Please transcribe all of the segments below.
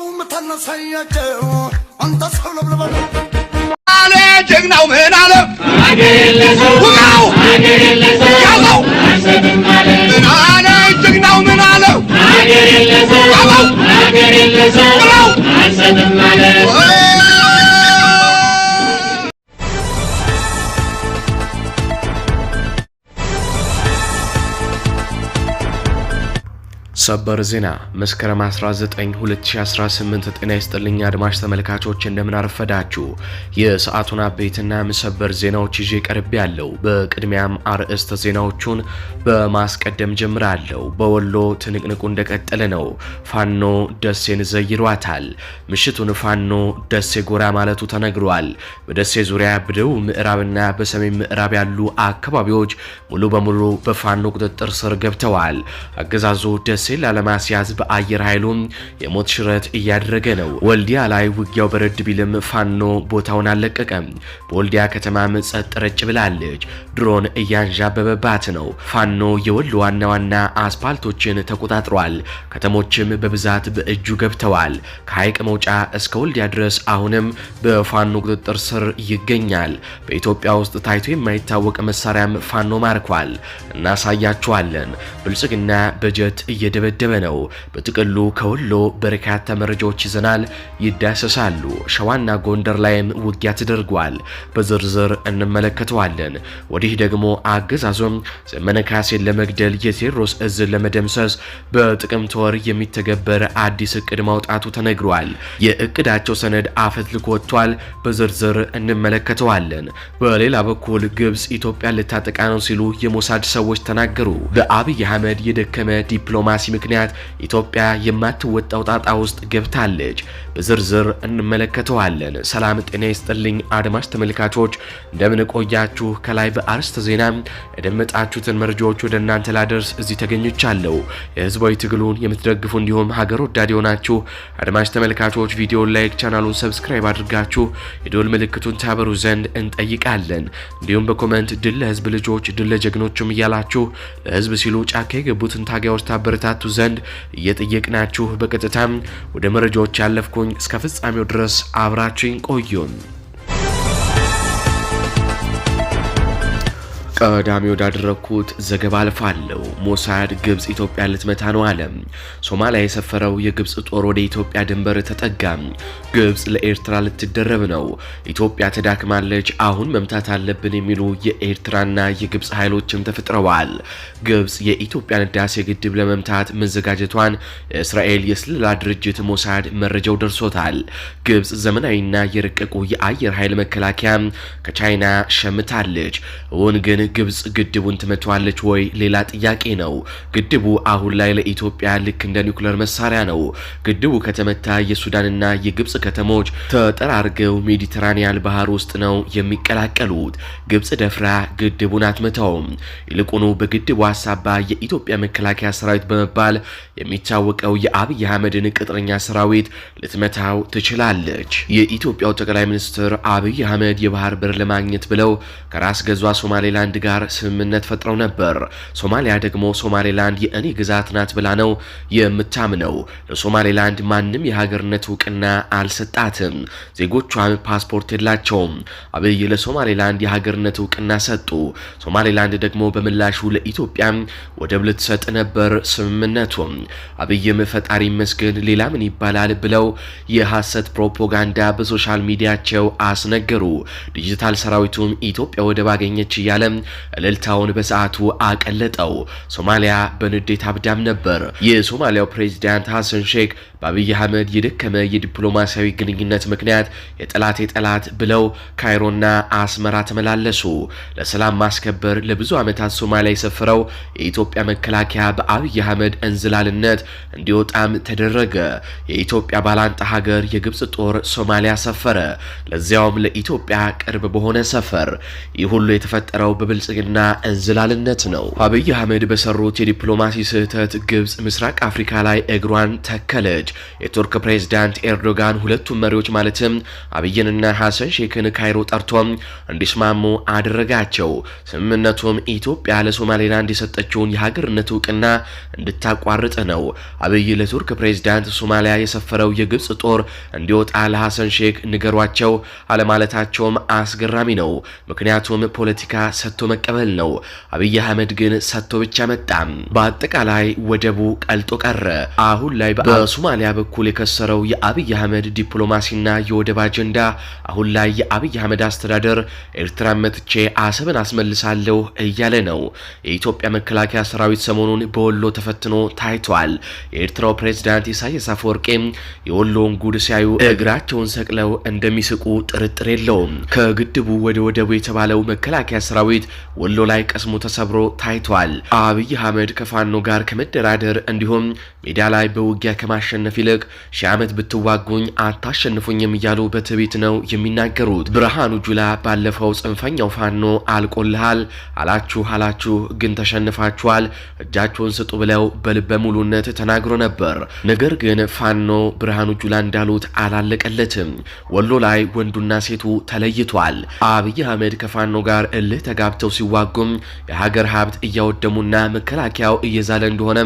ነው የምታነሳያቸው አንተ ሰው ለብለበለ አለ ጀግናው ምን አለ ውጋው ያዘው ምን አለ ጀግናው ምን አለ ውጋው ብለው ሰበር ዜና መስከረም 19 2018። ጤና ይስጥልኝ አድማሽ ተመልካቾች እንደምን አረፈዳችሁ። የሰዓቱን አበይትና ምሰበር ዜናዎች ይዤ ቀርብ ያለው። በቅድሚያም አርዕስተ ዜናዎቹን በማስቀደም ጀምራለሁ። በወሎ ትንቅንቁ እንደቀጠለ ነው። ፋኖ ደሴን ዘይሯታል። ምሽቱን ፋኖ ደሴ ጎራ ማለቱ ተነግሯል። በደሴ ዙሪያ በደቡብ ምዕራብና በሰሜን ምዕራብ ያሉ አካባቢዎች ሙሉ በሙሉ በፋኖ ቁጥጥር ስር ገብተዋል። አገዛዙ ደሴ ላለማስያዝ በአየር ኃይሉ የሞት ሽረት እያደረገ ነው። ወልዲያ ላይ ውጊያው በረድ ቢልም ፋኖ ቦታውን አልለቀቀም። በወልዲያ ከተማም ጸጥ ረጭ ብላለች። ድሮን እያንዣበበባት ነው። ፋኖ የወሎ ዋና ዋና አስፓልቶችን ተቆጣጥሯል። ከተሞችም በብዛት በእጁ ገብተዋል። ከሐይቅ መውጫ እስከ ወልዲያ ድረስ አሁንም በፋኖ ቁጥጥር ስር ይገኛል። በኢትዮጵያ ውስጥ ታይቶ የማይታወቅ መሳሪያም ፋኖ ማርኳል። እናሳያችኋለን። ብልጽግና በጀት እየደበ የተመደበ ነው። በጥቅሉ ከወሎ በርካታ መረጃዎች ይዘናል፣ ይዳሰሳሉ። ሸዋና ጎንደር ላይም ውጊያ ተደርጓል። በዝርዝር እንመለከተዋለን። ወዲህ ደግሞ አገዛዞም ዘመነ ካሴን ለመግደል የቴዎድሮስ እዝን ለመደምሰስ በጥቅምት ወር የሚተገበር አዲስ እቅድ ማውጣቱ ተነግሯል። የእቅዳቸው ሰነድ አፈትልኮ ወጥቷል። በዝርዝር እንመለከተዋለን። በሌላ በኩል ግብጽ ኢትዮጵያን ልታጠቃ ነው ሲሉ የሞሳድ ሰዎች ተናገሩ። በአብይ አህመድ የደከመ ዲፕሎማሲ ምክንያት ኢትዮጵያ የማትወጣው ጣጣ ውስጥ ገብታለች። በዝርዝር እንመለከተዋለን። ሰላም ጤና ይስጥልኝ አድማጭ ተመልካቾች፣ እንደምን ቆያችሁ? ከላይ በአርስተ ዜና የደመጣችሁትን መረጃዎች ወደ እናንተ ላደርስ እዚህ ተገኝቻለሁ። የህዝባዊ ትግሉን የምትደግፉ እንዲሁም ሀገር ወዳድ የሆናችሁ አድማጭ ተመልካቾች ቪዲዮን ላይክ፣ ቻናሉን ሰብስክራይብ አድርጋችሁ የዶል ምልክቱን ታበሩ ዘንድ እንጠይቃለን። እንዲሁም በኮመንት ድል ለህዝብ ልጆች፣ ድል ለጀግኖችም እያላችሁ ለህዝብ ሲሉ ጫካ የገቡትን ታጋዮች ታበረታቱ ዘንድ እየጠየቅናችሁ በቀጥታም ወደ መረጃዎች ያለፍኩኝ እስከ ፍጻሜው ድረስ አብራችኝ ቆዩን። ቀዳሚ ወዳደረግኩት ዘገባ አልፋለሁ። ሞሳድ ግብፅ ኢትዮጵያ ልትመታ ነው አለ። ሶማሊያ የሰፈረው የግብፅ ጦር ወደ ኢትዮጵያ ድንበር ተጠጋ። ግብፅ ለኤርትራ ልትደረብ ነው። ኢትዮጵያ ተዳክማለች፣ አሁን መምታት አለብን የሚሉ የኤርትራና የግብፅ ኃይሎችም ተፈጥረዋል። ግብፅ የኢትዮጵያን ህዳሴ ግድብ ለመምታት መዘጋጀቷን የእስራኤል የስለላ ድርጅት ሞሳድ መረጃው ደርሶታል። ግብፅ ዘመናዊና የረቀቁ የአየር ኃይል መከላከያ ከቻይና ሸምታለች። እውን ግን ግብጽ ግድቡን ትመቷለች ወይ ሌላ ጥያቄ ነው። ግድቡ አሁን ላይ ለኢትዮጵያ ልክ እንደ ኒውክሌር መሳሪያ ነው። ግድቡ ከተመታ የሱዳንና የግብጽ ከተሞች ተጠራርገው ሜዲተራኒያን ባህር ውስጥ ነው የሚቀላቀሉት። ግብጽ ደፍራ ግድቡን አትመታውም። ይልቁኑ በግድቡ አሳባ የኢትዮጵያ መከላከያ ሰራዊት በመባል የሚታወቀው የአብይ አህመድን ቅጥረኛ ሰራዊት ልትመታው ትችላለች። የኢትዮጵያው ጠቅላይ ሚኒስትር አብይ አህመድ የባህር በር ለማግኘት ብለው ከራስ ገዟ ሶማሌላንድ ጋር ስምምነት ፈጥረው ነበር። ሶማሊያ ደግሞ ሶማሌላንድ የእኔ ግዛት ናት ብላ ነው የምታምነው። ለሶማሌላንድ ማንም የሀገርነት እውቅና አልሰጣትም። ዜጎቿም ፓስፖርት የላቸውም። አብይ ለሶማሌላንድ የሀገርነት እውቅና ሰጡ። ሶማሌላንድ ደግሞ በምላሹ ለኢትዮጵያም ወደብ ልትሰጥ ነበር ስምምነቱም። አብይም ፈጣሪ ይመስገን ሌላ ምን ይባላል ብለው የሐሰት ፕሮፓጋንዳ በሶሻል ሚዲያቸው አስነገሩ። ዲጂታል ሰራዊቱም ኢትዮጵያ ወደብ አገኘች እያለም እልልታውን በሰዓቱ አቀለጠው። ሶማሊያ በንዴት አብዳም ነበር። የሶማሊያው ፕሬዚዳንት ሐሰን ሼክ በአብይ አህመድ የደከመ የዲፕሎማሲያዊ ግንኙነት ምክንያት የጠላቴ ጠላት ብለው ካይሮና አስመራ ተመላለሱ። ለሰላም ማስከበር ለብዙ ዓመታት ሶማሊያ የሰፈረው የኢትዮጵያ መከላከያ በአብይ አህመድ እንዝላልነት እንዲወጣም ተደረገ። የኢትዮጵያ ባላንጣ ሀገር የግብፅ ጦር ሶማሊያ ሰፈረ፣ ለዚያውም ለኢትዮጵያ ቅርብ በሆነ ሰፈር። ይህ ሁሉ የተፈጠረው በ ብልጽግና እንዝላልነት ነው። አብይ አህመድ በሰሩት የዲፕሎማሲ ስህተት ግብጽ ምስራቅ አፍሪካ ላይ እግሯን ተከለች። የቱርክ ፕሬዝዳንት ኤርዶጋን ሁለቱም መሪዎች ማለትም አብይንና ሐሰን ሼክን ካይሮ ጠርቶ እንዲስማሙ አደረጋቸው። ስምምነቱም ኢትዮጵያ ለሶማሌላንድ የሰጠችውን የሀገርነት እውቅና እንድታቋርጥ ነው። አብይ ለቱርክ ፕሬዝዳንት ሶማሊያ የሰፈረው የግብጽ ጦር እንዲወጣ ለሐሰን ሼክ ንገሯቸው አለማለታቸውም አስገራሚ ነው። ምክንያቱም ፖለቲካ ሰጥቶ ሰጥቶ መቀበል ነው። አብይ አህመድ ግን ሰጥቶ ብቻ መጣም። በአጠቃላይ ወደቡ ቀልጦ ቀረ። አሁን ላይ በሶማሊያ በኩል የከሰረው የአብይ አህመድ ዲፕሎማሲና የወደብ አጀንዳ አሁን ላይ የአብይ አህመድ አስተዳደር ኤርትራ መትቼ አሰብን አስመልሳለሁ እያለ ነው። የኢትዮጵያ መከላከያ ሰራዊት ሰሞኑን በወሎ ተፈትኖ ታይቷል። የኤርትራው ፕሬዝዳንት ኢሳያስ አፈወርቄ የወሎውን ጉድ ሲያዩ እግራቸውን ሰቅለው እንደሚስቁ ጥርጥር የለውም። ከግድቡ ወደ ወደቡ የተባለው መከላከያ ሰራዊት ወሎ ላይ ቀስሙ ተሰብሮ ታይቷል። አብይ አህመድ ከፋኖ ጋር ከመደራደር እንዲሁም ሜዳ ላይ በውጊያ ከማሸነፍ ይልቅ ሺህ ዓመት ብትዋጉኝ አታሸንፉኝም እያሉ በትዕቢት ነው የሚናገሩት። ብርሃኑ ጁላ ባለፈው ጽንፈኛው ፋኖ አልቆልሃል አላችሁ አላችሁ፣ ግን ተሸንፋችኋል፣ እጃችሁን ስጡ ብለው በልበ ሙሉነት ተናግሮ ነበር። ነገር ግን ፋኖ ብርሃኑ ጁላ እንዳሉት አላለቀለትም። ወሎ ላይ ወንዱና ሴቱ ተለይቷል። አብይ አህመድ ከፋኖ ጋር እልህ ተጋብተው ሲዋጉም የሀገር ሀብት እያወደሙና መከላከያው እየዛለ እንደሆነ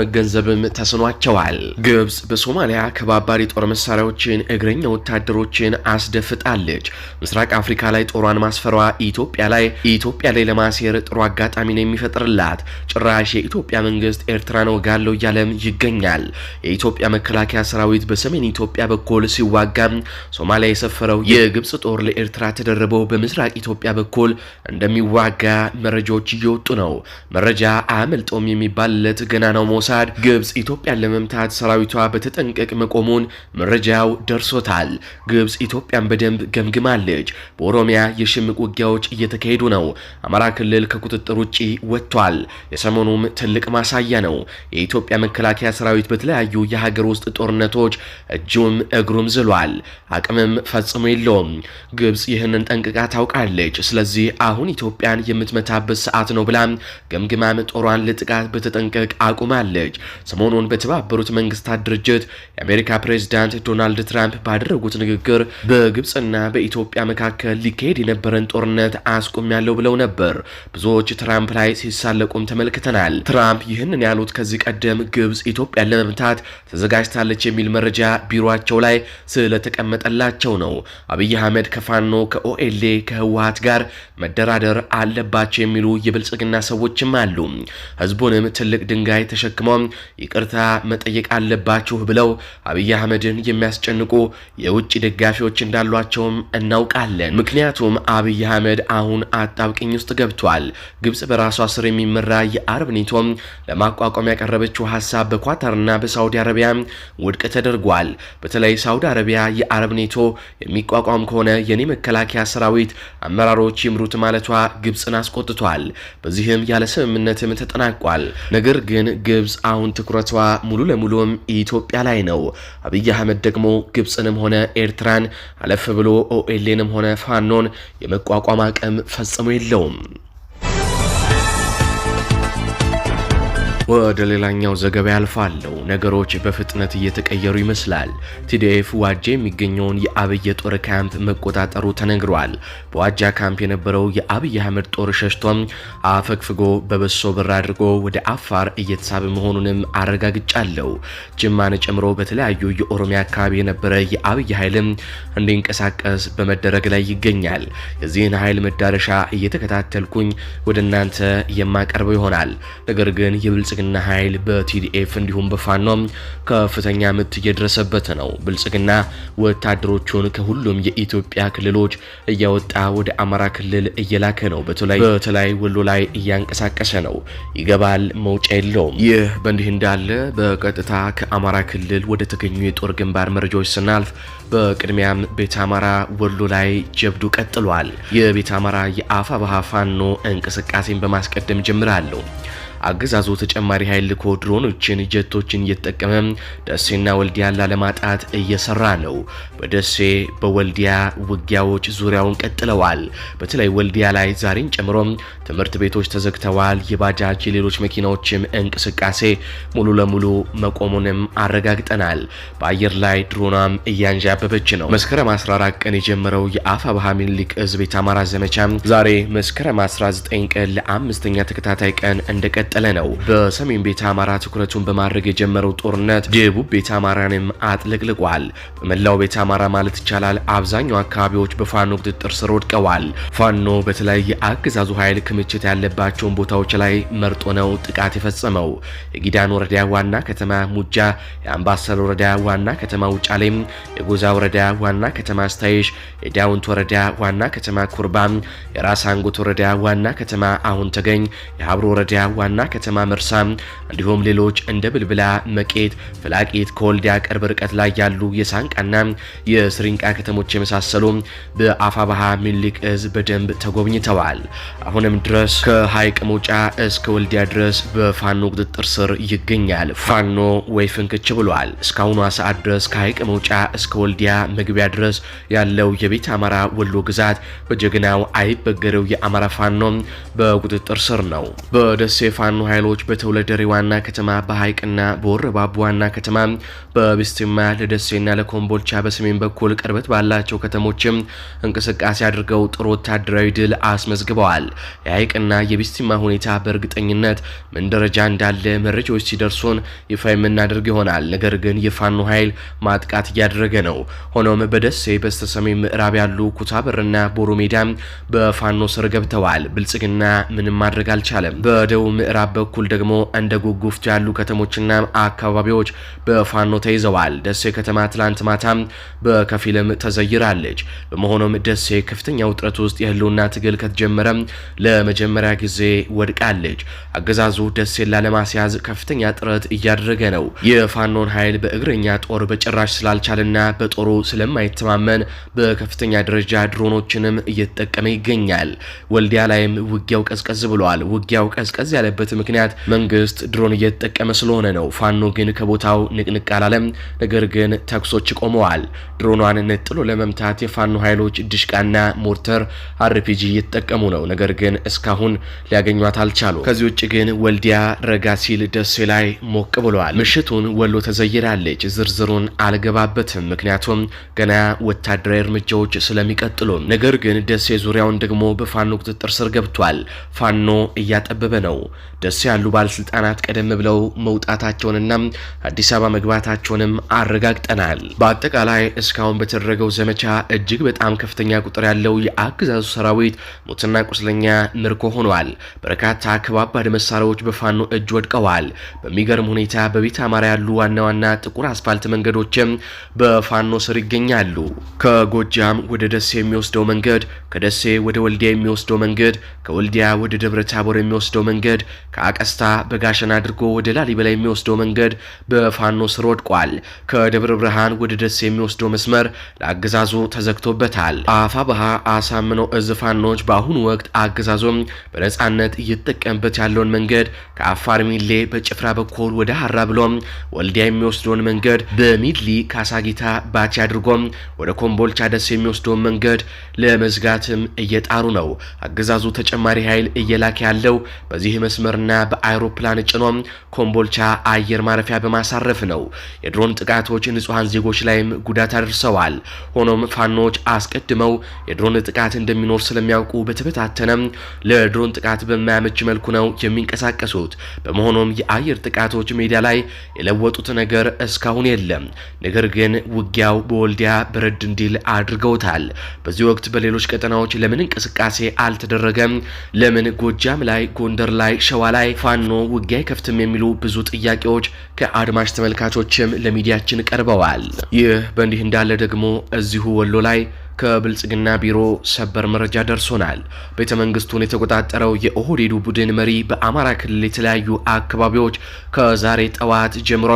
መገንዘብም ተስኗቸዋል። ግብጽ በሶማሊያ ከባባሪ ጦር መሳሪያዎችን እግረኛ ወታደሮችን አስደፍጣለች። ምስራቅ አፍሪካ ላይ ጦሯን ማስፈሯ ኢትዮጵያ ላይ ኢትዮጵያ ላይ ለማሴር ጥሩ አጋጣሚ ነው የሚፈጥርላት። ጭራሽ የኢትዮጵያ መንግስት ኤርትራን ጋለው እያለም ይገኛል። የኢትዮጵያ መከላከያ ሰራዊት በሰሜን ኢትዮጵያ በኩል ሲዋጋም ሶማሊያ የሰፈረው የግብጽ ጦር ለኤርትራ ተደርበው በምስራቅ ኢትዮጵያ በኩል እንደሚዋጋ መረጃዎች እየወጡ ነው። መረጃ አያመልጠውም የሚባልለት ገና ነው ሞሳድ ግብጽ ኢትዮጵያን ለመምታት ሰራዊቷ በተጠንቀቅ መቆሙን መረጃው ደርሶታል። ግብጽ ኢትዮጵያን በደንብ ገምግማለች። በኦሮሚያ የሽምቅ ውጊያዎች እየተካሄዱ ነው። አማራ ክልል ከቁጥጥር ውጭ ወጥቷል። የሰሞኑም ትልቅ ማሳያ ነው። የኢትዮጵያ መከላከያ ሰራዊት በተለያዩ የሀገር ውስጥ ጦርነቶች እጁም እግሩም ዝሏል። አቅምም ፈጽሞ የለውም። ግብጽ ይህንን ጠንቅቃ ታውቃለች። ስለዚህ አሁን ኢትዮጵያን የምትመታበት ሰዓት ነው ብላ ገምግማም ጦሯን ለጥቃት በተጠንቀቅ አቁማለች። ሰሞኑ ሰሞኑን በተባበሩት መንግስታት ድርጅት የአሜሪካ ፕሬዚዳንት ዶናልድ ትራምፕ ባደረጉት ንግግር በግብፅና በኢትዮጵያ መካከል ሊካሄድ የነበረን ጦርነት አስቆም ያለው ብለው ነበር። ብዙዎች ትራምፕ ላይ ሲሳለቁም ተመልክተናል። ትራምፕ ይህንን ያሉት ከዚህ ቀደም ግብፅ ኢትዮጵያን ለመምታት ተዘጋጅታለች የሚል መረጃ ቢሮቸው ላይ ስለተቀመጠላቸው ነው። አብይ አህመድ ከፋኖ ከኦኤሌ ከህወሀት ጋር መደራደር አለባቸው የሚሉ የብልጽግና ሰዎችም አሉ። ህዝቡንም ትልቅ ድንጋይ ተሸክመው ይቅር ይቅርታ መጠየቅ አለባችሁ ብለው አብይ አህመድን የሚያስጨንቁ የውጭ ደጋፊዎች እንዳሏቸውም እናውቃለን። ምክንያቱም አብይ አህመድ አሁን አጣብቅኝ ውስጥ ገብቷል። ግብጽ በራሷ ስር የሚመራ የአረብ ኔቶም ለማቋቋም ያቀረበችው ሀሳብ በኳታርና በሳውዲ አረቢያ ውድቅ ተደርጓል። በተለይ ሳውዲ አረቢያ የአረብ ኔቶ የሚቋቋም ከሆነ የኔ መከላከያ ሰራዊት አመራሮች ይምሩት ማለቷ ግብፅን አስቆጥቷል። በዚህም ያለ ስምምነትም ተጠናቋል። ነገር ግን ግብፅ አሁን ትኩረት ሙሉ ለሙሉም ኢትዮጵያ ላይ ነው። አብይ አህመድ ደግሞ ግብፅንም ሆነ ኤርትራን አለፍ ብሎ ኦኤልንም ሆነ ፋኖን የመቋቋም አቅም ፈጽሞ የለውም። ወደ ሌላኛው ዘገባ ያልፋለው። ነገሮች በፍጥነት እየተቀየሩ ይመስላል። ቲዲኤፍ ዋጃ የሚገኘውን የአብይ ጦር ካምፕ መቆጣጠሩ ተነግሯል። በዋጃ ካምፕ የነበረው የአብይ አህመድ ጦር ሸሽቶም አፈግፍጎ በበሶ ብር አድርጎ ወደ አፋር እየተሳበ መሆኑንም አረጋግጫለሁ። ጅማን ጨምሮ በተለያዩ የኦሮሚያ አካባቢ የነበረ የአብይ ኃይልም እንዲንቀሳቀስ በመደረግ ላይ ይገኛል። የዚህን ኃይል መዳረሻ እየተከታተልኩኝ ወደ እናንተ የማቀርበው ይሆናል። ነገር ግን የብልጽ የብልጽግና ኃይል በቲዲኤፍ እንዲሁም በፋኖ ከፍተኛ ምት እየደረሰበት ነው። ብልጽግና ወታደሮቹን ከሁሉም የኢትዮጵያ ክልሎች እያወጣ ወደ አማራ ክልል እየላከ ነው። በተለይ ወሎ ላይ እያንቀሳቀሰ ነው። ይገባል፣ መውጫ የለውም። ይህ በእንዲህ እንዳለ በቀጥታ ከአማራ ክልል ወደ ተገኙ የጦር ግንባር መረጃዎች ስናልፍ በቅድሚያም ቤተ አማራ ወሎ ላይ ጀብዱ ቀጥሏል። የቤተ አማራ የአፋ ባሃ ፋኖ እንቅስቃሴን በማስቀደም ጀምራለሁ። አገዛዙ ተጨማሪ ኃይል ልኮ ድሮኖችን፣ ጀቶችን እየተጠቀመ ደሴና ወልዲያን ላለማጣት እየሰራ ነው። በደሴ በወልዲያ ውጊያዎች ዙሪያውን ቀጥለዋል። በተለይ ወልዲያ ላይ ዛሬን ጨምሮ ትምህርት ቤቶች ተዘግተዋል። የባጃጅ የሌሎች መኪናዎችም እንቅስቃሴ ሙሉ ለሙሉ መቆሙንም አረጋግጠናል። በአየር ላይ ድሮኗም እያንዣበበች ነው። መስከረም 14 ቀን የጀመረው የአፋብኃ ምኒልክ ዕዝ ቤተ አማራ ዘመቻ ዛሬ መስከረም 19 ቀን ለአምስተኛ ተከታታይ ቀን እንደቀ እንደቀጠለ ነው። በሰሜን ቤተ አማራ ትኩረቱን በማድረግ የጀመረው ጦርነት ደቡብ ቤተ አማራንም አጥለቅልቋል። በመላው ቤተ አማራ ማለት ይቻላል አብዛኛው አካባቢዎች በፋኖ ቁጥጥር ስር ወድቀዋል። ፋኖ በተለያየ አገዛዙ ኃይል ክምችት ያለባቸውን ቦታዎች ላይ መርጦ ነው ጥቃት የፈጸመው። የጊዳን ወረዳ ዋና ከተማ ሙጃ፣ የአምባሰል ወረዳ ዋና ከተማ ውጫሌም፣ የጎዛ ወረዳ ዋና ከተማ ስታይሽ፣ የዳውንት ወረዳ ዋና ከተማ ኩርባም፣ የራስ አንጎት ወረዳ ዋና ከተማ አሁን ተገኝ፣ የሀብሮ ወረዳ ዋና ዋና ከተማ መርሳ፣ እንዲሁም ሌሎች እንደ ብልብላ፣ መቄት፣ ፍላቂት ከወልዲያ ቅርብ ርቀት ላይ ያሉ የሳንቃና የስሪንቃ ከተሞች የመሳሰሉ በአፋባሃ ሚኒሊክ እዝ በደንብ ተጎብኝተዋል። አሁንም ድረስ ከሀይቅ መውጫ እስከ ወልዲያ ድረስ በፋኖ ቁጥጥር ስር ይገኛል። ፋኖ ወይ ፍንክች ብሏል። እስካሁኗ ሰዓት ድረስ ከሀይቅ መውጫ እስከ ወልዲያ መግቢያ ድረስ ያለው የቤት አማራ ወሎ ግዛት በጀግናው አይበገሬው የአማራ ፋኖ በቁጥጥር ስር ነው። በደሴ ፋኖ ኃይሎች በተውለደሬ ዋና ከተማ በሐይቅና በወረባቡ ዋና ከተማ በብስትማ ለደሴና ለኮምቦልቻ በሰሜን በኩል ቅርበት ባላቸው ከተሞችም እንቅስቃሴ አድርገው ጥሩ ወታደራዊ ድል አስመዝግበዋል። የሐይቅና የብስትማ ሁኔታ በእርግጠኝነት ምን ደረጃ እንዳለ መረጃዎች ሲደርሱን ይፋ የምናደርግ ይሆናል። ነገር ግን የፋኖ ኃይል ማጥቃት እያደረገ ነው። ሆኖም በደሴ በስተሰሜን ምዕራብ ያሉ ኩታበርና ቦሮ ሜዳ በፋኖ ስር ገብተዋል። ብልጽግና ምንም ማድረግ አልቻለም። በደቡብ በምዕራብ በኩል ደግሞ እንደ ጉጉፍት ያሉ ከተሞችና አካባቢዎች በፋኖ ተይዘዋል። ደሴ ከተማ ትላንት ማታም በከፊልም ተዘይራለች። በመሆኑም ደሴ ከፍተኛ ውጥረት ውስጥ የህልውና ትግል ከተጀመረም ለመጀመሪያ ጊዜ ወድቃለች። አገዛዙ ደሴን ላለማስያዝ ከፍተኛ ጥረት እያደረገ ነው። የፋኖን ኃይል በእግረኛ ጦር በጭራሽ ስላልቻለና በጦሩ ስለማይተማመን በከፍተኛ ደረጃ ድሮኖችንም እየተጠቀመ ይገኛል። ወልዲያ ላይም ውጊያው ቀዝቀዝ ብሏል። ውጊያው ቀዝቀዝ ያለበት የሆነበት ምክንያት መንግስት ድሮን እየተጠቀመ ስለሆነ ነው። ፋኖ ግን ከቦታው ንቅንቅ አላለም። ነገር ግን ተኩሶች ቆመዋል። ድሮኗን ነጥሎ ለመምታት የፋኖ ኃይሎች ድሽቃና ሞርተር አርፒጂ እየተጠቀሙ ነው። ነገር ግን እስካሁን ሊያገኟት አልቻሉ። ከዚህ ውጭ ግን ወልዲያ ረጋ ሲል ደሴ ላይ ሞቅ ብለዋል። ምሽቱን ወሎ ተዘይራለች። ዝርዝሩን አልገባበትም፣ ምክንያቱም ገና ወታደራዊ እርምጃዎች ስለሚቀጥሉ። ነገር ግን ደሴ ዙሪያውን ደግሞ በፋኖ ቁጥጥር ስር ገብቷል። ፋኖ እያጠበበ ነው። ደሴ ያሉ ባለስልጣናት ቀደም ብለው መውጣታቸውንና አዲስ አበባ መግባታቸውንም አረጋግጠናል። በአጠቃላይ እስካሁን በተደረገው ዘመቻ እጅግ በጣም ከፍተኛ ቁጥር ያለው የአገዛዙ ሰራዊት ሞትና ቁስለኛ ምርኮ ሆኗል። በርካታ ከባባድ መሳሪያዎች በፋኖ እጅ ወድቀዋል። በሚገርም ሁኔታ በቤተ አማራ ያሉ ዋና ዋና ጥቁር አስፋልት መንገዶችም በፋኖ ስር ይገኛሉ። ከጎጃም ወደ ደሴ የሚወስደው መንገድ፣ ከደሴ ወደ ወልዲያ የሚወስደው መንገድ፣ ከወልዲያ ወደ ደብረ ታቦር የሚወስደው መንገድ ከአቀስታ በጋሸን አድርጎ ወደ ላሊበላ የሚወስደው መንገድ በፋኖ ስር ወድቋል። ከደብረ ብርሃን ወደ ደሴ የሚወስደው መስመር ለአገዛዙ ተዘግቶበታል። አፋብሃ አሳምነው እዝ ፋኖች በአሁኑ ወቅት አገዛዞም በነጻነት እየተጠቀምበት ያለውን መንገድ ከአፋር ሚሌ በጭፍራ በኩል ወደ ሀራ ብሎም ወልዲያ የሚወስደውን መንገድ በሚድሊ ካሳጊታ ባቲ አድርጎም ወደ ኮምቦልቻ ደሴ የሚወስደውን መንገድ ለመዝጋትም እየጣሩ ነው። አገዛዙ ተጨማሪ ኃይል እየላከ ያለው በዚህ መስመር በሄሊኮፕተርና በአይሮፕላን ጭኖ ኮምቦልቻ አየር ማረፊያ በማሳረፍ ነው። የድሮን ጥቃቶች ንጹሐን ዜጎች ላይም ጉዳት አድርሰዋል። ሆኖም ፋኖች አስቀድመው የድሮን ጥቃት እንደሚኖር ስለሚያውቁ በተበታተነም ለድሮን ጥቃት በማያመች መልኩ ነው የሚንቀሳቀሱት። በመሆኑም የአየር ጥቃቶች ሜዳ ላይ የለወጡት ነገር እስካሁን የለም። ነገር ግን ውጊያው በወልዲያ በረድ እንዲል አድርገውታል። በዚህ ወቅት በሌሎች ቀጠናዎች ለምን እንቅስቃሴ አልተደረገም? ለምን ጎጃም ላይ፣ ጎንደር ላይ፣ ሸዋ ላይ ፋኖ ውጊያ አይከፍትም የሚሉ ብዙ ጥያቄዎች ከአድማጭ ተመልካቾችም ለሚዲያችን ቀርበዋል። ይህ በእንዲህ እንዳለ ደግሞ እዚሁ ወሎ ላይ ከብልጽግና ቢሮ ሰበር መረጃ ደርሶናል። ቤተ መንግስቱን የተቆጣጠረው የኦህዴዱ ቡድን መሪ በአማራ ክልል የተለያዩ አካባቢዎች ከዛሬ ጠዋት ጀምሮ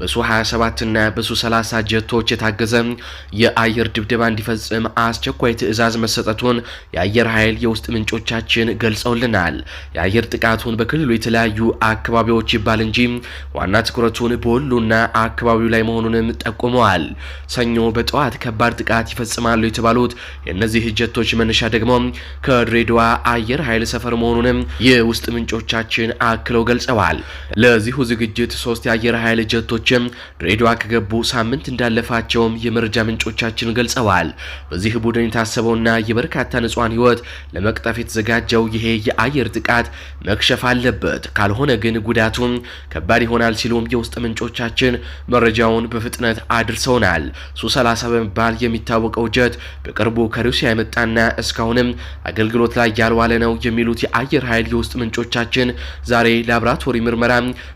በሱ 27ና በሱ 30 ጀቶች የታገዘ የአየር ድብደባ እንዲፈጽም አስቸኳይ ትዕዛዝ መሰጠቱን የአየር ኃይል የውስጥ ምንጮቻችን ገልጸውልናል። የአየር ጥቃቱን በክልሉ የተለያዩ አካባቢዎች ይባል እንጂ ዋና ትኩረቱን በወሎና አካባቢው ላይ መሆኑንም ጠቁመዋል። ሰኞ በጠዋት ከባድ ጥቃት ይፈጽማሉ የተባሉት የእነዚህ ጀቶች መነሻ ደግሞ ከድሬዳዋ አየር ኃይል ሰፈር መሆኑንም የውስጥ ምንጮቻችን አክለው ገልጸዋል። ለዚሁ ዝግጅት ሶስት የአየር ኃይል ጀቶችም ድሬዳዋ ከገቡ ሳምንት እንዳለፋቸውም የመረጃ ምንጮቻችን ገልጸዋል። በዚህ ቡድን የታሰበውና የበርካታ ንጹሐን ህይወት ለመቅጠፍ የተዘጋጀው ይሄ የአየር ጥቃት መክሸፍ አለበት፣ ካልሆነ ግን ጉዳቱም ከባድ ይሆናል ሲሉም የውስጥ ምንጮቻችን መረጃውን በፍጥነት አድርሰውናል። ሱ ሰላሳ በመባል የሚታወቀው ጀት በቅርቡ ከሩሲያ የመጣና እስካሁንም አገልግሎት ላይ ያልዋለ ነው የሚሉት የአየር ኃይል የውስጥ ምንጮቻችን ዛሬ ላብራቶሪ ምርመራ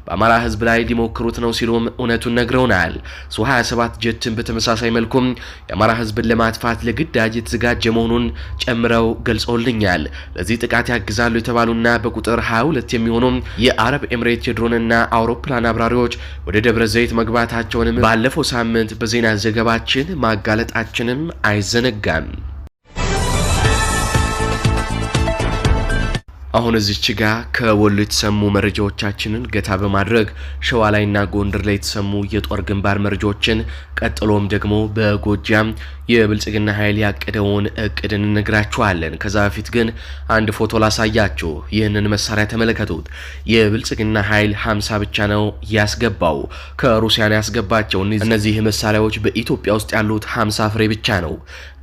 በአማራ ህዝብ ላይ ሊሞክሩት ነው ሲሉም እውነቱን ነግረውናል። ሱ 27 ጀትን በተመሳሳይ መልኩም የአማራ ህዝብን ለማጥፋት ለግዳጅ የተዘጋጀ መሆኑን ጨምረው ገልጸውልኛል። ለዚህ ጥቃት ያግዛሉ የተባሉና በቁጥር 22 የሚሆኑ የአረብ ኤምሬት የድሮንና አውሮፕላን አብራሪዎች ወደ ደብረ ዘይት መግባታቸውንም ባለፈው ሳምንት በዜና ዘገባችን ማጋለጣችንም አይዘን አልዘነጋም። አሁን እዚች ጋ ከወሎ የተሰሙ መረጃዎቻችንን ገታ በማድረግ ሸዋ ላይና ጎንደር ላይ የተሰሙ የጦር ግንባር መረጃዎችን ቀጥሎም ደግሞ በጎጃም የብልጽግና ኃይል ያቀደውን እቅድ እንነግራችኋለን። ከዛ በፊት ግን አንድ ፎቶ ላሳያችሁ። ይህንን መሳሪያ ተመለከቱት። የብልጽግና ኃይል ሀምሳ ብቻ ነው ያስገባው ከሩሲያ ነው ያስገባቸው። እነዚህ መሳሪያዎች በኢትዮጵያ ውስጥ ያሉት ሀምሳ ፍሬ ብቻ ነው።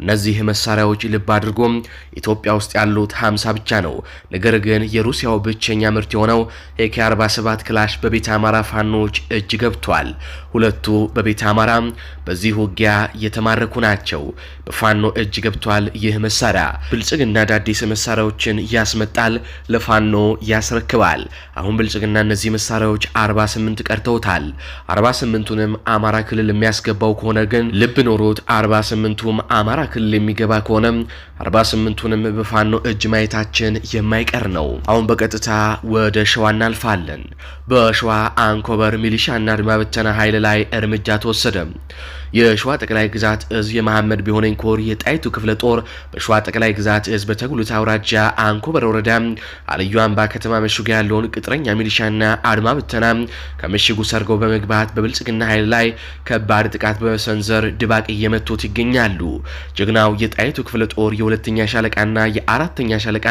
እነዚህ መሳሪያዎች ልብ አድርጎም ኢትዮጵያ ውስጥ ያሉት ሀምሳ ብቻ ነው። ነገር ግን የሩሲያው ብቸኛ ምርት የሆነው ኤኬ 47 ክላሽ በቤተ አማራ ፋኖች እጅ ገብቷል። ሁለቱ በቤተ አማራ በዚህ ውጊያ እየተማረኩ ናቸው። ናቸው። በፋኖ እጅ ገብቷል። ይህ መሳሪያ ብልጽግና አዳዲስ መሳሪያዎችን ያስመጣል፣ ለፋኖ ያስረክባል። አሁን ብልጽግና እነዚህ መሳሪያዎች 48 ቀርተውታል። 48ቱንም አማራ ክልል የሚያስገባው ከሆነ ግን ልብ ኖሮት 48ቱም አማራ ክልል የሚገባ ከሆነም 48ቱንም በፋኖ እጅ ማየታችን የማይቀር ነው። አሁን በቀጥታ ወደ ሸዋ እናልፋለን። በሸዋ አንኮበር ሚሊሻና አድማ በተና ኃይል ላይ እርምጃ ተወሰደ። የሸዋ ጠቅላይ ግዛት እዝ የመሐመድ ቢሆነኝ ኮር የጣይቱ ክፍለ ጦር በሸዋ ጠቅላይ ግዛት እዝ በተጉሉት አውራጃ አንኮበር ወረዳ አልዩ አምባ ከተማ መሽጎ ያለውን ቅጥረኛ ሚሊሻና አድማ ብተና ከምሽጉ ሰርገው በመግባት በብልጽግና ኃይል ላይ ከባድ ጥቃት በመሰንዘር ድባቅ እየመቱት ይገኛሉ። ጀግናው የጣይቱ ክፍለ ጦር የሁለተኛ ሻለቃና የአራተኛ ሻለቃ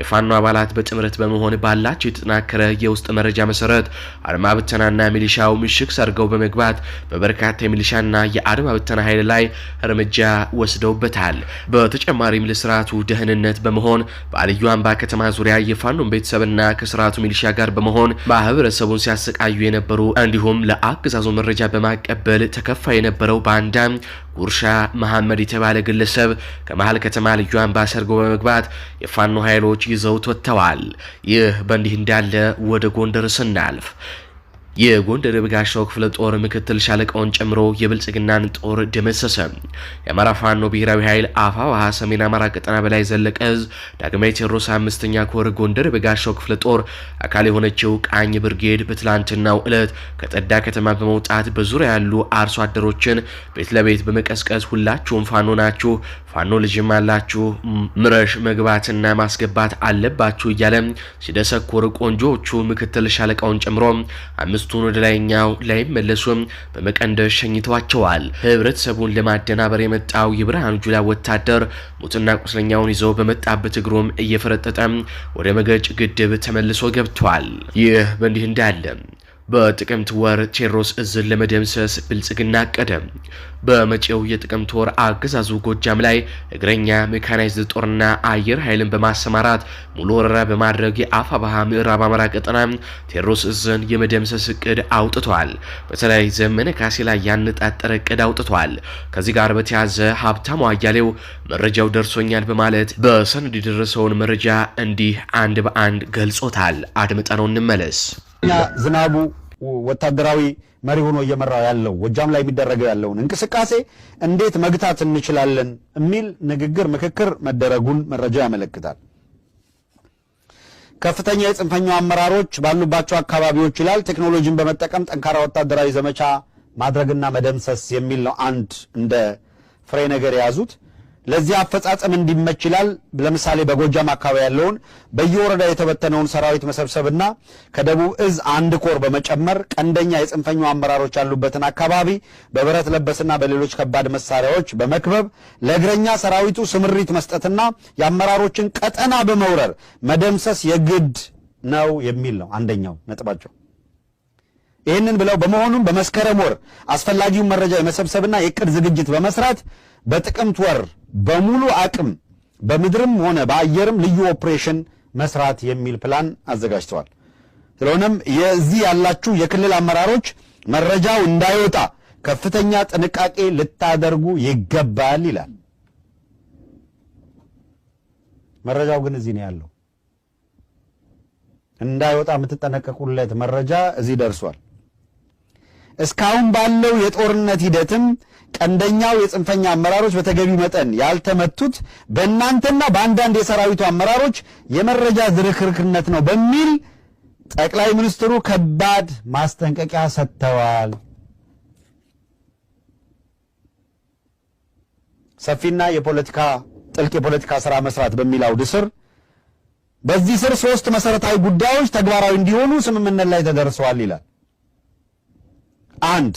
የፋኖ አባላት በጥምረት በመሆን ባላቸው የተጠናከረ የውስጥ መረጃ መሰረት አድማ ብተናና ሚሊሻው ምሽግ ሰርገው በመግባት በበርካታ የሚሊሻና የአድማ ብተና ኃይል ላይ እርምጃ ወስደውበታል። በተጨማሪም ለስርዓቱ ደህንነት በመሆን በአልዩ አምባ ከተማ ዙሪያ የፋኖን ቤተሰብና ከስርዓቱ ሚሊሻ ጋር በመሆን ማህበረሰቡን ሲያሰቃዩ የነበሩ እንዲሁም ለአገዛዙ መረጃ በማቀበል ተከፋ የነበረው ባንዳ ጉርሻ መሐመድ የተባለ ግለሰብ ከመሃል ከተማ ልዩ አምባ ሰርጎ በመግባት የፋኖ ኃይሎች ይዘውት ወጥተዋል። ይህ በእንዲህ እንዳለ ወደ ጎንደር ስናልፍ የጎንደር በጋሻው ክፍለ ጦር ምክትል ሻለቃውን ጨምሮ የብልጽግናን ጦር ደመሰሰ። የአማራ ፋኖ ብሔራዊ ኃይል አፋብኃ ሰሜን አማራ ቀጠና በላይ ዘለቀ እዝ ዳግማዊ ቴዎድሮስ አምስተኛ ኮር ጎንደር የበጋሻው ክፍለ ጦር አካል የሆነችው ቃኝ ብርጌድ በትላንትናው ዕለት ከጠዳ ከተማ በመውጣት በዙሪያ ያሉ አርሶ አደሮችን ቤት ለቤት በመቀስቀስ ሁላችሁም ፋኖ ናችሁ ፋኖ ልጅም አላችሁ ምረሽ መግባትና ማስገባት አለባችሁ እያለ ሲደሰኩር ቆንጆዎቹ ምክትል ሻለቃውን ጨምሮ አምስቱን ወደ ላይኛው ላይመለሱ በመቀንደስ ሸኝተዋቸዋል። ህብረተሰቡን ለማደናበር የመጣው የብርሃኑ ጁላ ወታደር ሙትና ቁስለኛውን ይዞ በመጣበት እግሩም እየፈረጠጠ ወደ መገጭ ግድብ ተመልሶ ገብቷል። ይህ በእንዲህ እንዳለ በጥቅምት ወር ቴዎድሮስ እዝን ለመደምሰስ ብልጽግና አቀደ። በመጪው የጥቅምት ወር አገዛዙ ጎጃም ላይ እግረኛ ሜካናይዝድ ጦርና አየር ኃይልን በማሰማራት ሙሉ ወረራ በማድረግ የአፋ ምዕራብ አማራ ቀጠና ቴዎድሮስ እዝን የመደምሰስ እቅድ አውጥቷል። በተለይ ዘመነ ካሴ ላይ ያነጣጠረ እቅድ አውጥቷል። ከዚህ ጋር በተያዘ ሀብታሙ አያሌው መረጃው ደርሶኛል በማለት በሰነድ የደረሰውን መረጃ እንዲህ አንድ በአንድ ገልጾታል። አድምጠነው እንመለስ። ዝናቡ ወታደራዊ መሪ ሆኖ እየመራው ያለው ጎጃም ላይ የሚደረገው ያለውን እንቅስቃሴ እንዴት መግታት እንችላለን የሚል ንግግር፣ ምክክር መደረጉን መረጃ ያመለክታል። ከፍተኛ የጽንፈኛው አመራሮች ባሉባቸው አካባቢዎች ይላል ቴክኖሎጂን በመጠቀም ጠንካራ ወታደራዊ ዘመቻ ማድረግና መደምሰስ የሚል ነው። አንድ እንደ ፍሬ ነገር የያዙት ለዚህ አፈጻጸም እንዲመች ይላል። ለምሳሌ በጎጃም አካባቢ ያለውን በየወረዳ የተበተነውን ሰራዊት መሰብሰብና ከደቡብ እዝ አንድ ኮር በመጨመር ቀንደኛ የጽንፈኛው አመራሮች ያሉበትን አካባቢ በብረት ለበስና በሌሎች ከባድ መሳሪያዎች በመክበብ ለእግረኛ ሰራዊቱ ስምሪት መስጠትና የአመራሮችን ቀጠና በመውረር መደምሰስ የግድ ነው የሚል ነው አንደኛው ነጥባቸው። ይህንን ብለው በመሆኑም በመስከረም ወር አስፈላጊውን መረጃ የመሰብሰብና የእቅድ ዝግጅት በመስራት በጥቅምት ወር በሙሉ አቅም በምድርም ሆነ በአየርም ልዩ ኦፕሬሽን መስራት የሚል ፕላን አዘጋጅተዋል። ስለሆነም የዚህ ያላችሁ የክልል አመራሮች መረጃው እንዳይወጣ ከፍተኛ ጥንቃቄ ልታደርጉ ይገባል ይላል። መረጃው ግን እዚህ ነው ያለው። እንዳይወጣ የምትጠነቀቁለት መረጃ እዚህ ደርሷል። እስካሁን ባለው የጦርነት ሂደትም ቀንደኛው የጽንፈኛ አመራሮች በተገቢ መጠን ያልተመቱት በእናንተና በአንዳንድ የሰራዊቱ አመራሮች የመረጃ ዝርክርክነት ነው በሚል ጠቅላይ ሚኒስትሩ ከባድ ማስጠንቀቂያ ሰጥተዋል። ሰፊና የፖለቲካ ጥልቅ የፖለቲካ ስራ መስራት በሚል አውድ ስር በዚህ ስር ሶስት መሰረታዊ ጉዳዮች ተግባራዊ እንዲሆኑ ስምምነት ላይ ተደርሰዋል ይላል። አንድ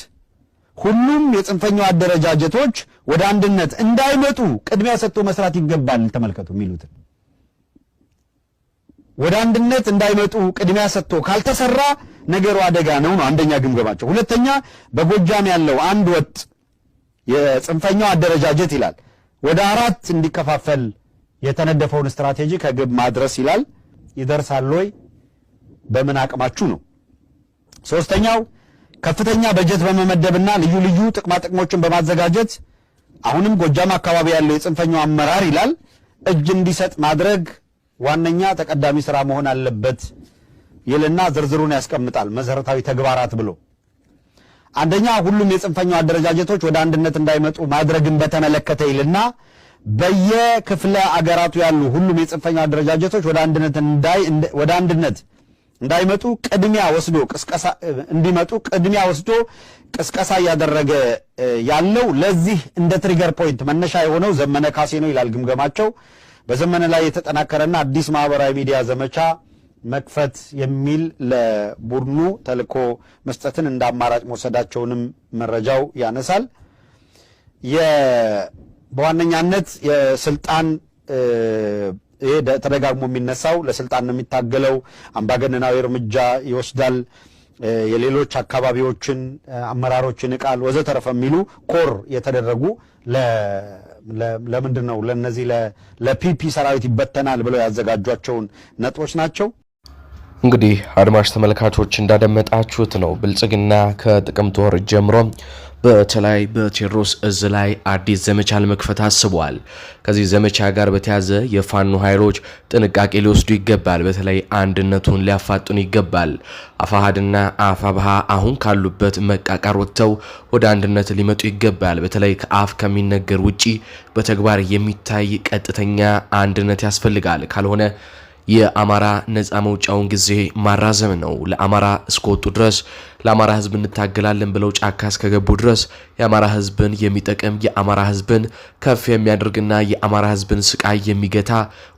ሁሉም የጽንፈኛው አደረጃጀቶች ወደ አንድነት እንዳይመጡ ቅድሚያ ሰጥቶ መስራት ይገባል። ተመልከቱ የሚሉትን ወደ አንድነት እንዳይመጡ ቅድሚያ ሰጥቶ ካልተሰራ ነገሩ አደጋ ነው ነው አንደኛ ግምገማቸው። ሁለተኛ በጎጃም ያለው አንድ ወጥ የጽንፈኛው አደረጃጀት ይላል ወደ አራት እንዲከፋፈል የተነደፈውን ስትራቴጂ ከግብ ማድረስ ይላል። ይደርሳል ወይ? በምን አቅማችሁ ነው? ሶስተኛው ከፍተኛ በጀት በመመደብና ልዩ ልዩ ጥቅማጥቅሞችን በማዘጋጀት አሁንም ጎጃም አካባቢ ያለው የጽንፈኛው አመራር ይላል እጅ እንዲሰጥ ማድረግ ዋነኛ ተቀዳሚ ስራ መሆን አለበት ይልና ዝርዝሩን ያስቀምጣል። መሰረታዊ ተግባራት ብሎ አንደኛ ሁሉም የጽንፈኛው አደረጃጀቶች ወደ አንድነት እንዳይመጡ ማድረግን በተመለከተ ይልና በየክፍለ አገራቱ ያሉ ሁሉም የጽንፈኛው አደረጃጀቶች ወደ አንድነት እንዳይመጡ ቅድሚያ ወስዶ ቅስቀሳ እንዲመጡ ቅድሚያ ወስዶ ቅስቀሳ እያደረገ ያለው ለዚህ እንደ ትሪገር ፖይንት መነሻ የሆነው ዘመነ ካሴ ነው ይላል ግምገማቸው። በዘመነ ላይ የተጠናከረና አዲስ ማህበራዊ ሚዲያ ዘመቻ መክፈት የሚል ለቡድኑ ተልዕኮ መስጠትን እንደ አማራጭ መውሰዳቸውንም መረጃው ያነሳል። በዋነኛነት የስልጣን ይሄ ተደጋግሞ የሚነሳው ለስልጣን ነው የሚታገለው፣ አምባገነናዊ እርምጃ ይወስዳል፣ የሌሎች አካባቢዎችን አመራሮችን እቃል ወዘተረፈ የሚሉ ኮር የተደረጉ ለምንድን ነው ለነዚህ ለፒፒ ሰራዊት ይበተናል ብለው ያዘጋጇቸውን ነጥቦች ናቸው። እንግዲህ አድማሽ ተመልካቾች እንዳደመጣችሁት ነው ብልጽግና ከጥቅምት ወር ጀምሮ በተለይ በቴዎድሮስ እዝ ላይ አዲስ ዘመቻ ለመክፈት አስቧል። ከዚህ ዘመቻ ጋር በተያዘ የፋኖ ኃይሎች ጥንቃቄ ሊወስዱ ይገባል። በተለይ አንድነቱን ሊያፋጥኑ ይገባል። አፋሃድና አፋብሃ አሁን ካሉበት መቃቃር ወጥተው ወደ አንድነት ሊመጡ ይገባል። በተለይ ከአፍ ከሚነገር ውጪ በተግባር የሚታይ ቀጥተኛ አንድነት ያስፈልጋል። ካልሆነ የአማራ ነፃ መውጫውን ጊዜ ማራዘም ነው። ለአማራ እስከወጡ ድረስ ለአማራ ህዝብ እንታገላለን ብለው ጫካ እስከገቡ ድረስ የአማራ ህዝብን የሚጠቅም የአማራ ህዝብን ከፍ የሚያደርግና የአማራ ህዝብን ስቃይ የሚገታ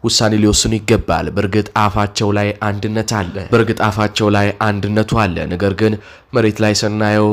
ውሳኔ ሊወስኑ ይገባል። በእርግጥ አፋቸው ላይ አንድነት አለ። በእርግጥ አፋቸው ላይ አንድነቱ አለ። ነገር ግን መሬት ላይ ስናየው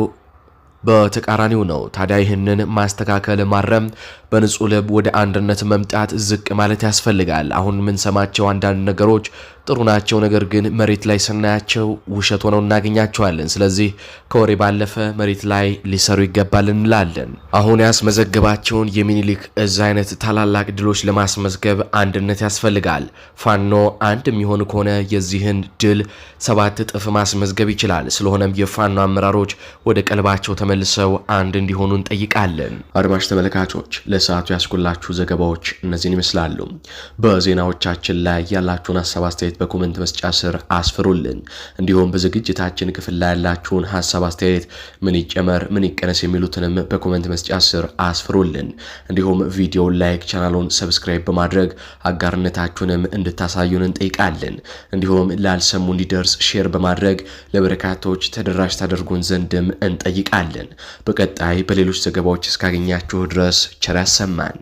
በተቃራኒው ነው። ታዲያ ይህንን ማስተካከል፣ ማረም፣ በንጹህ ልብ ወደ አንድነት መምጣት፣ ዝቅ ማለት ያስፈልጋል። አሁን የምንሰማቸው አንዳንድ ነገሮች ጥሩ ናቸው፣ ነገር ግን መሬት ላይ ስናያቸው ውሸት ሆነው እናገኛቸዋለን። ስለዚህ ከወሬ ባለፈ መሬት ላይ ሊሰሩ ይገባል እንላለን። አሁን ያስመዘገባቸውን የሚኒሊክ እዝ አይነት ታላላቅ ድሎች ለማስመዝገብ አንድነት ያስፈልጋል። ፋኖ አንድ የሚሆን ከሆነ የዚህን ድል ሰባት እጥፍ ማስመዝገብ ይችላል። ስለሆነም የፋኖ አመራሮች ወደ ቀልባቸው ተመልሰው አንድ እንዲሆኑ እንጠይቃለን። አድማጭ ተመልካቾች ለሰዓቱ ያስኩላችሁ ዘገባዎች እነዚህን ይመስላሉ። በዜናዎቻችን ላይ ያላችሁን ሀሳብ አስተያየት አስተያየት በኮመንት መስጫ ስር አስፍሩልን። እንዲሁም በዝግጅታችን ክፍል ላይ ያላችሁን ሀሳብ አስተያየት፣ ምን ይጨመር ምን ይቀነስ የሚሉትንም በኮመንት መስጫ ስር አስፍሩልን። እንዲሁም ቪዲዮ ላይክ፣ ቻናሉን ሰብስክራይብ በማድረግ አጋርነታችሁንም እንድታሳዩን እንጠይቃለን። እንዲሁም ላልሰሙ እንዲደርስ ሼር በማድረግ ለበርካቶች ተደራሽ ታደርጉን ዘንድም እንጠይቃለን። በቀጣይ በሌሎች ዘገባዎች እስካገኛችሁ ድረስ ቸር ያሰማን።